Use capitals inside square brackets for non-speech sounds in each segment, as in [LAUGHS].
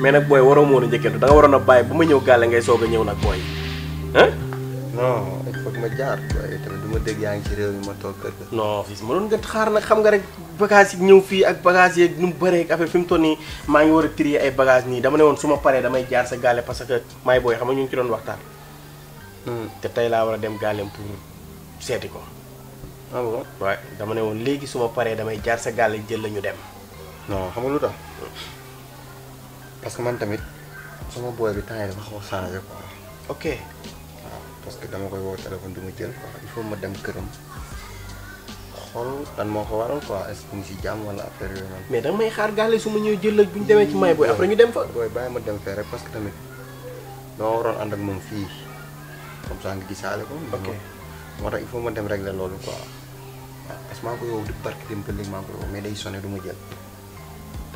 mais nag booy waroo moon a njëkkantu da nga waroon a bàyyi ba ma ñëw gàlle ngay soog a ñëw nag booy ah non il faut ma jaar waaye tamit ma dégg yaa ngi ci réew mi ma toog kër ga non fii ma doon nga xaar nag xam nga rek bagage yi ñëw fii ak bagage yeeg nu mu bëree ak affaire fi mu toll nii maa ngi war a trier ay bagage nii dama ne woon suma paree damay jaar sa gàlle parce que maay booy xam nga ñu ngi ci doon waxtaan hmm. te tey laa war a dem gàllem pour seeti ko ah bon woon léegi su paree damay jaar sa gàlle jël la ñu dem non Tapos naman tamit. Sa mga buhay rin tayo, makakusahan ako. Okay. Tapos kita mo kayo water akong dumitil pak, info madam kerum. Kalau tan mau keluar kok es pun si jam wala per. Medang mai harga le sumenyu jelek pinte iya. mai cuma ya, boy. Apa nyudem fo? Boy ya, bae madam fere pas kita mit. Noron andang mengfi. Kom sang gigi sale ko. Oke. Mara ifo madam regla lalu pak. Pas mau kau di park tim peling mau ku medai sone rumah jelek.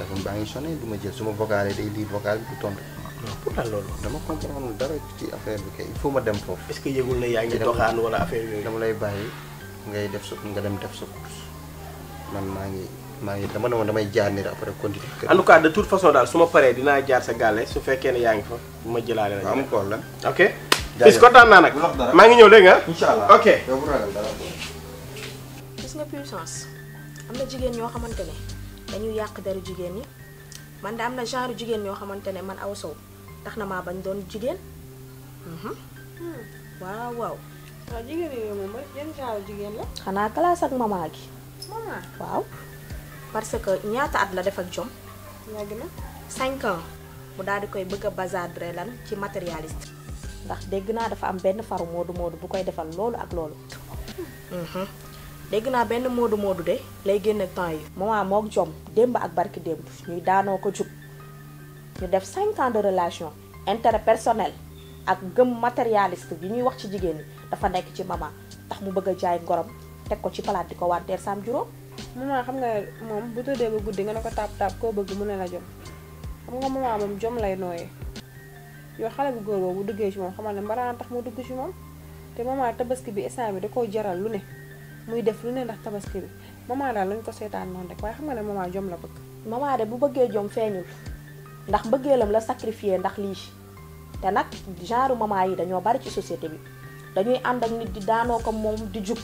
téléphone baa ngi sonné du ma jël suma e ma vocalé day lire vocal bi du tontu. non pourtant loolu. dama comprendre dara ci affaire bi kay il faut e ma dem foofu. est-ce que yëgul na yaa ngi doxaan wala affaire yooyu. dama lay bàyyi ngay def sa nga dem def sa course man maa ngi maa ngi dama ne woon damay jaar nii après continuer. en tout daal su ma paree dinaa su fekkee ne yaa ngi ma jëlaale la. am problème eh? ok. jaajëf bis kontaan naa nag. maa ngi ñëw dégg nga. incha allah ok. gis nga puissance am na jigéen ñoo xamante ne. dañuy yàq deru jigéen ñi man da am na genre jigéen ñoo xamante ne man aw sow tax na maa bañ doon jigéen. Mhm. Hmm. waaw waaw. waaw jigéen xanaa classe ak mama gi. mama waaw. parce que ñaata at la def ak jom. yàgg na. 5 ans mu daal di koy bëgg a bazardre lan ci matérialiste. ndax dégg naa dafa am benn faru moodu moodu bu koy defal loolu ak loolu. Hmm. Mhm. dégg naa benn moodu moodu de lay génn temps yi maman mook jom démb ak barki démb ñuy daanoo ko jub ñu def cinq ans de relation intérêt personnel ak gëm matérialiste yi ñuy wax ci jigéen ñi dafa nekk ci maman tax mu bëgg a jaay ngorom teg ko ci palaat di ko wanteer saam juróom maman xam nga moom bu tëddee ba guddi nga ne ko taab taab koo bëgg mu ne la jom xam nga maman moom jom lay nooyee yow xale bu góor boobu bu duggee ci moom xamal ne mbaraan tax mu dugg ci moom te maman tabaski bi instant bi da koo jaral lu ne muy def lu ne ndax tabaski bi maman daal lañ ko seetaan noonu rek waaye xam nga ne Mama jom la bëgg mama de bu bëggee jom feeñul ndax mbëggeelam la sacrifier ndax lii te nag genre mama yi dañoo bari ci société bi dañuy ànd ak nit di daanoo ko moom di jub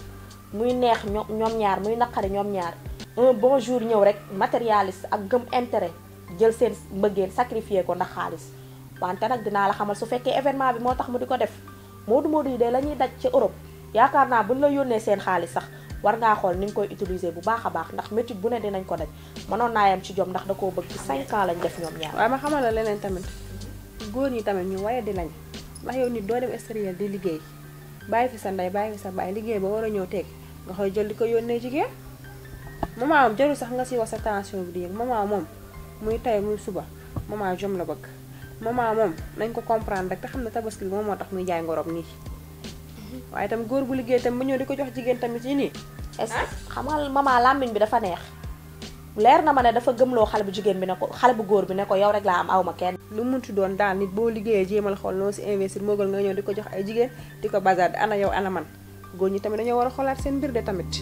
muy neex ñoom ñaar muy naqari ñoom ñaar un bon jour ñëw rek matérialiste ak gëm intérêt jël seen mbëggeel sacrifier ko ndax xaalis wante nag dinaa la xamal su fekkee événement bi moo mu di ko def moodu moodu yi de la daj ci europe yaakaar naa bu ñu la yónnee seen xaalis sax war ngaa xool ni ñu koy utiliser bu baax a baax ndax métit bu ne dinañ ko daj mënoon naa yam ci jom ndax da koo bëgg ci 5 lañ def ñoom ñaar. ma xamal la leneen tamit góor ñi tamit ñu waye di lañ ndax yoon nit doo dem extérieur di liggéey bàyyi fi sa ndey bàyyi fi sa bàyyi liggéey ba war a ñëw teg nga koy jël di ko yónnee jigéen maman moom jarul sax nga si wax sa tension bi di yëg maman moom muy tay muy suba maman jom la bëgg maman moom nañ ko comprendre rek te xam ne tabaski bi moom moo tax muy jaay ngorom nii waaye tam góor bu liggéey tam mu ñëw di ko jox jigéen tamit yi nii. est-ce que xam nga maman làmmiñ bi dafa neex. leer na ma ne dafa gëmloo xale bu jigéen bi ne ko xale bu góor bi ne ko yow rek laa am aw ma kenn. lu mun munti doon daal nit boo liggéeyee jéemal xool noo si investir moo gën nga ñëw di ko jox ay jigéen di ko bazar ana yow ana man góor ñi tamit dañoo war a xolaat seen mbir de tamit.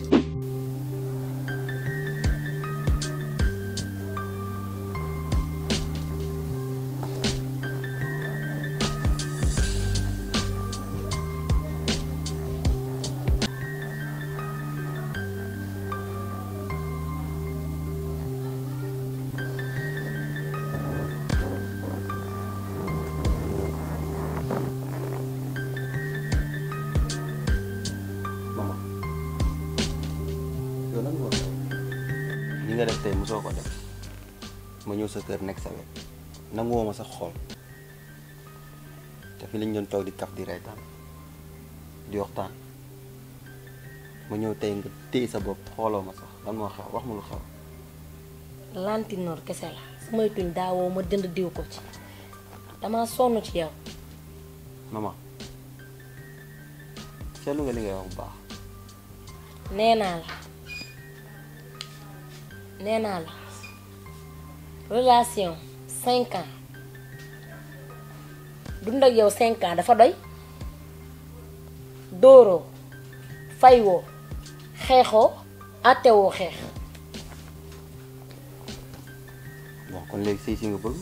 nga def tey mosoo ko def ma ñëw sa kër nekk sa wet nangoo ma sa xol te fi lañ doon toog di kaf di reetaan di waxtaan ma ñëw tey nga téye sa bopp xooloo ma sax lan moo xew wax ma lu xew lantinoor kese la samay tuñ daawoo ma dënd diw ko ci dama sonn ci yow mama seetlu nga li ngay wax bu baax nee naa la nee naa la relation cinq ans yow cinq dafa doy dóoroo faywoo xeexoo àttewoo xeex bon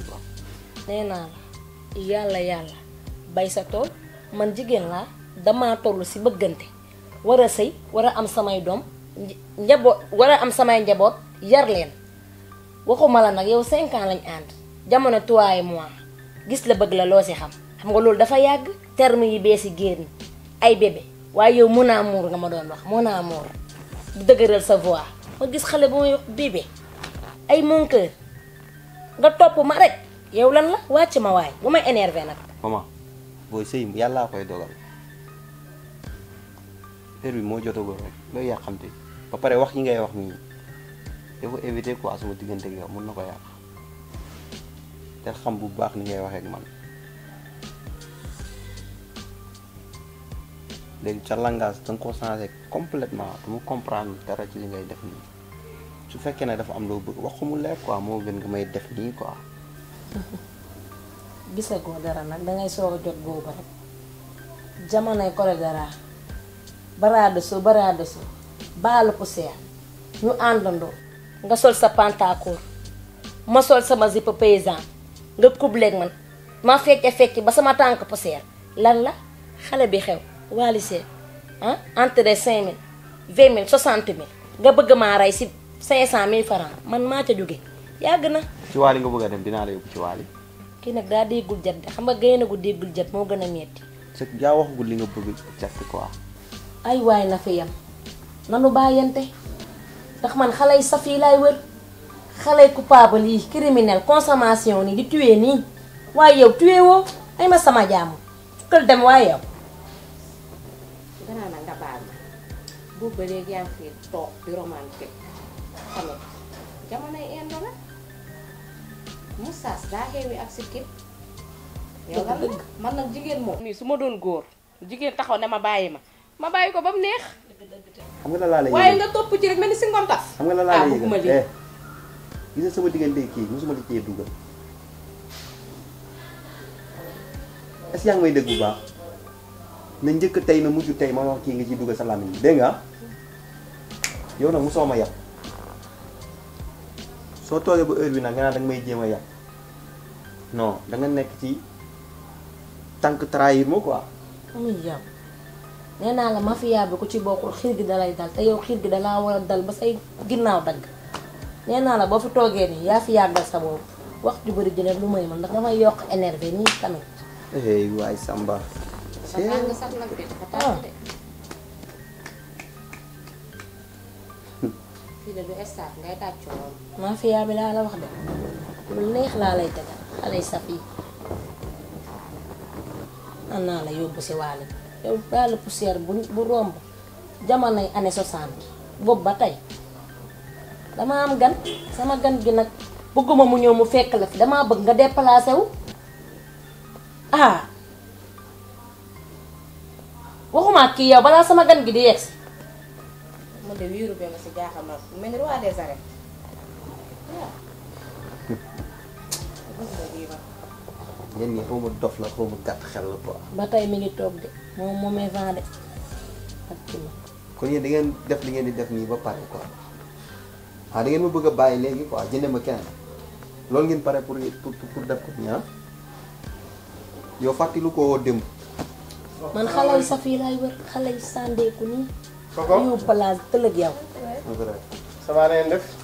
la yàlla yàlla bay sa tool man jigéen laa dama tollu si bëggante war a sëy war a am samay doom njaboot war a am samay njaboot yar leen waxuma la nag yow cinq ans lañ ànd jamono trois mois gis la bëgg la loo si xam xam nga loolu dafa yàgg terme yi bees yi génn ay bébé waaye yow mun naa muur dama ma doon wax mun naa muur dëgëral sa voix ma gis xale bu may wax bébé ay mon cœur nga topp ma rek yow lan la wàcc ma waay bu may énervé nag maman booy sëy yàllaa koy dogal heure bi moo jotagul rek looy yàqamte ba pare wax yi ngay wax nii dafa éviter quoi sama diggante ak yow mën na ko yàq te xam bu baax ni ngay waxee ak man léegi ca langage da nga ko changé du mu comprendre dara ci li ngay def nii su fekkee ne dafa am loo bëgg wax mu leer moo gën nga may def nii quoi. ko [LAUGHS] dara nag dangay soog jot boobu rek jamonoy kole dara baraade su baraade su baalu poussière ñu àndandoo nga sol sa pantacourt ma sol sama zipa paysan nga kubleeg man ma fecce fecc ba sama tànk poseer lan la xale bi xew waalisee ah entre cinq mille vingt mille soixante mille nga bëgg maa rey si cinq cent mil francs man maa ca jóge yàgg na. ci waali nga bëgg a dem dinaa la yóbbu ci waali. kii nag daa déggul jat de xam nga gaynde gu déggul jat moo gën a metti sa yaa waxagul li nga bëgg jat quoi. ay waay na fi yam nanu bàyyante. ndax man xalé safi lay wër xalé coupable yi criminel consommation ni di tuer ni way yow tuer wo ay ma sama jam keul dem way yow. gannaaw na nga baal bu boobu ba am fi toog di romantique xamé nga ay endo la Moussa daa xewi ak sikkim yow lan man nak jigen mo ni suma don gor jigen taxaw ne ma bayima ma bayiko bam neex xam nga la laa lay waaye nga topp ci rek mel ni si ngoon tas ah, eh, xam nga la laa lay yëgal gis sama diggante kii mosuma di cee dugal est-ce yaa ngi may dégg bu baax na njëkk tey na mujj tey ma wax kii nga dugal sa dégg nga yow nag ma nee naa la mafia bi ku ci bokkul xiir gi dalay dal te yow xiir gi dalaa war a dal ba say ginnaaw dagg nee naa la boo fi toogee nii yaa fi yàggal sa boobu wax ju bëri jëlee lu may man ndax damay yokk énervé nii tamit. waay Samba. Ah. bi laa la wax de lu neex laa lay tegal xale saf yi. an naa la yóbbu si waale bi yow daal poussière bu bu romb jamonoy année 60 boobu ba tey dama am gan sama gan gi nag bëgguma mu ñëw mu fekk la fi damaa bëgg nga déplacé wu ah waxuma kii yow balaa sama gan gi di yegg si. mu de wiiru bi ñen ñi xawma dof la xawma gàtt xel la quoi ba tay mi ngi tok de mo mo me vent de ak kii kon yéen da ngeen def li ngeen di def ni ba par quoi ha ah, da ngeen ma bëgg a legi quoi jënde ma kenn loolu ngeen paré pour pour pour def ko nii ah? yo fatti lu ko dem man xalay sa fi lay wër xalay sàndeeku ko kooku yow place tëlëg yow. ça va na def.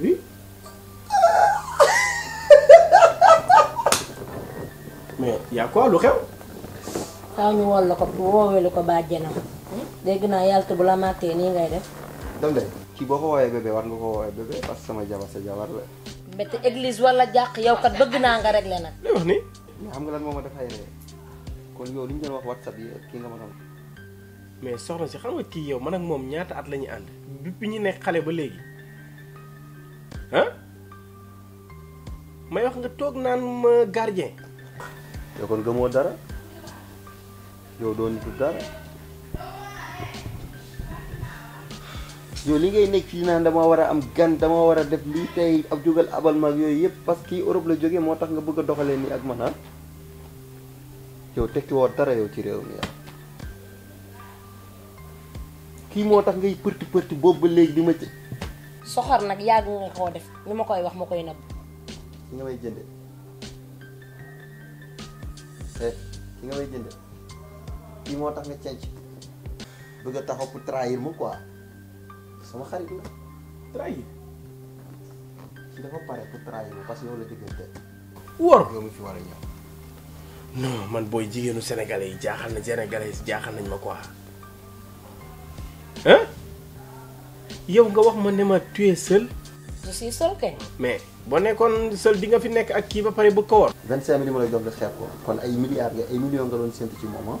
Oui. mais y' a quoi xew. xaw ñu woon la ko woowee lu ko bàjjenam. dégg naa yàlla bu la màttee nii ngay def. dem de kii boo ko woowee bébé war nga ko woowee bébé parce que sama jabar sa jabar la. mbette église wala jàq yow kat bëgg naa nga réglé nag. li wax ni. mais xam nga lan moo ma dafay ree kon yow li ñu wax whatsapp yi kii nga ma doon. mais soxna si xam nga kii yow man ak moom ñaata at la ñu ànd bi ñu nekk xale ba léegi. ah may wax nga toog naan ma gardien. yow kon gëmoo dara yow doo nitu dara yow li ngay nekk fii naan dama war a am gan dama war a def lii tey ab jógal abal ma ak yooyu yëpp parce que Europe la jógee moo tax nga bëgg a doxalee nii ak man ah yow tekki woo dara yow ci réew mi yow kii moo tax ngay përti përti boobu ba léegi di ma ci. soxor nag yàgg nga koo def li ma koy wax ma koy nëbb ki nga may jënde ki nga may jënde kii moo tax nga cenc bëgg a taxaw pour trahir mu quoi sama xarit la trahir ci dafa pare pour trahir mu parce que yow la diggante wóor yow mu fi war a ñëw non man booy jigéenu sénégalais yi jaaxal na sénégalais yi jaaxal nañ ma quoi yow nga wax ma ne ma tu es seul. je suis kay. mais boo nekkoon seul di nga fi nekk ak kii ba pare bu ko woon. 25 000 ma lay jox nga xeeb kon ay milliards nga ay millions nga doon séntu ci moom ah.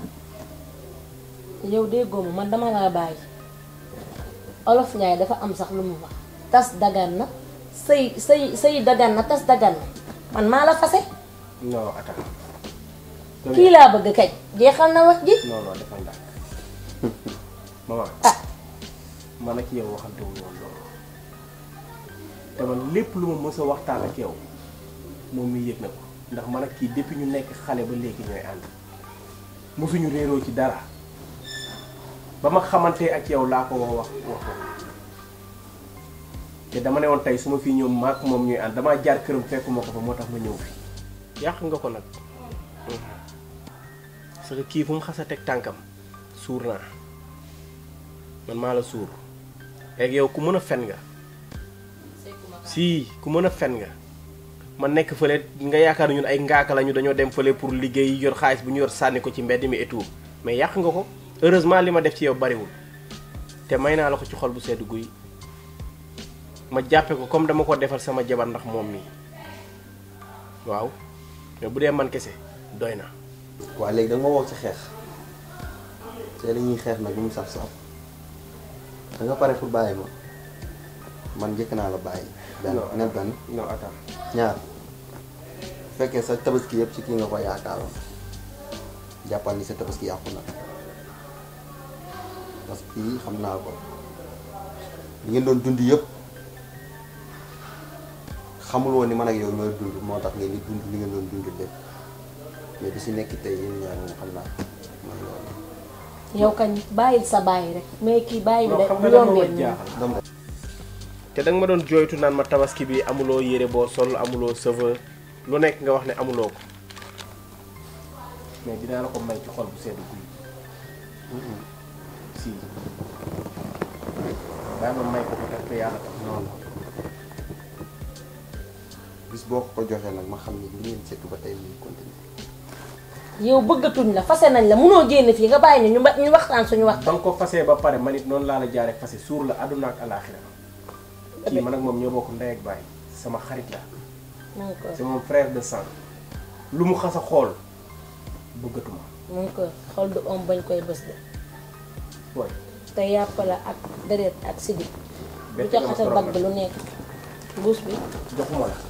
yow déggoo ma man dama laa bàyyi olof Ndiaye dafa am sax lu mu wax tas dagan na sëy sëy sëy dagan na tas dagan na man maa la fase. kii laa bëgg kañ jeexal na wax ji. [LAUGHS] ah. man ak yow waxante wu woon loolu te man lépp lu ma mës waxtaan ak yow moom mi yëg na ko ndax man ak kii depuis ñu nekk xale ba léegi ñooy ànd mësuñu réeroo ci dara ba ma xamante ak yow laa ko wax wax te dama ne woon tey su ma fii ñëw maak moom ñuy ànd damaa jaar këram fekkuma ko fa moo tax ma ñëw fi yàq nga ko nag parce que kii fu mu xas a teg tànkam suur naa man maa la suur léegi yow ku mën a fen nga. si ku mën a fen nga. ma nekk fële nga yaakaar ñun ay ngaaka lañu dañoo dem fële pour liggéey yor xaalis bu ñu yor sànni ko ci mbedd mi et tout mais yàq nga ko heureusement li ma def ci yow bariwul te may naa la ko ci xol bu sedd guy ma jàppe ko comme dama ko defal sama jabar ndax moom mii waaw mais bu dee man kese doy na. waa léegi da nga ci xeex te li ñuy xeex nag mu saf saf. da nga paré pour bayima man jek na la baye ben ne ben non kan? attends ya. ñaar fekke sa tabaski yépp ci ki nga ko yaakaaroon jàppal ni sa tabaski yàqu na parce que kii ko li ngeen doon dund yépp xamul woni man ak yow ñooy dund moo tax ngeen di dund li ngeen doon dund lépp mais bi ci nekk tay yéen ñaar xamna man loolu yow kañ bàyyil sa bàyyi rek mais kii bàyyi bi de yombee te danga ma doon jooytu naan ma tabaski bi amuloo yére boo sol amuloo cheveux lu nekk nga wax ne amuloo ko mais dinaa la ko may ci xol bu sedd guy si daa nga may ko ko tax te yàlla tax noonu bis boo ko ko joxee nag ma xam ne li ngeen setu ba tey muy continuer yow bëggatuñ la fase nañ la munoo génne fii nga bàyyi ñu ñu waxtaan suñu wax ba nga ko fasee ba pare man it noonu laa la jaaree fase suur la àdduna ak alaaxira kii man ak moom ñoo bokk ndey ak baay sama xarit la. c'est mon frère de sang. lu mu xas a xool bëggatuma. mu ngi koy xool du om bañ koy bës de. te yàpp la ak deret ak sidi. lu ca xasal bagg lu nekk. mbuus bi joxuma la.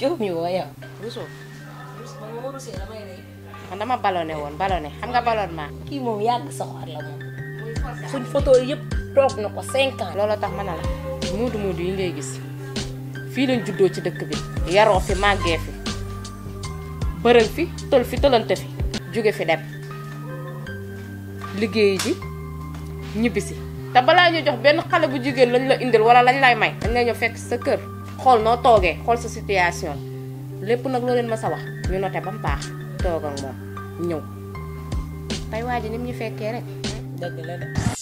Chumi wayo. Ruso. Ruso mangurus ya lama ini. Anda mah balon ya, balon ya. balon mah. Ki yag soal Sun foto yep dog na ko 5 ans. Lolo tax manal. Mudu mudu yi ngay gis. Fi lañ juddo ci dëkk bi. Yaro fi magge fi. Beureul fi, tol fi tolante fi. Joge fi dem. Liggéey ji ñibisi. Ta bala ñu jox ben xalé bu jigen lañ la indil wala lañ lay may. Dañ lay ñëw fekk sa kër. xool noo toogee xool sa situation lépp nag loo leen ma sa wax ñu noté ba mu baax toog moom ñëw tey waa ji ni ñu fekkee rek. dëgg la de.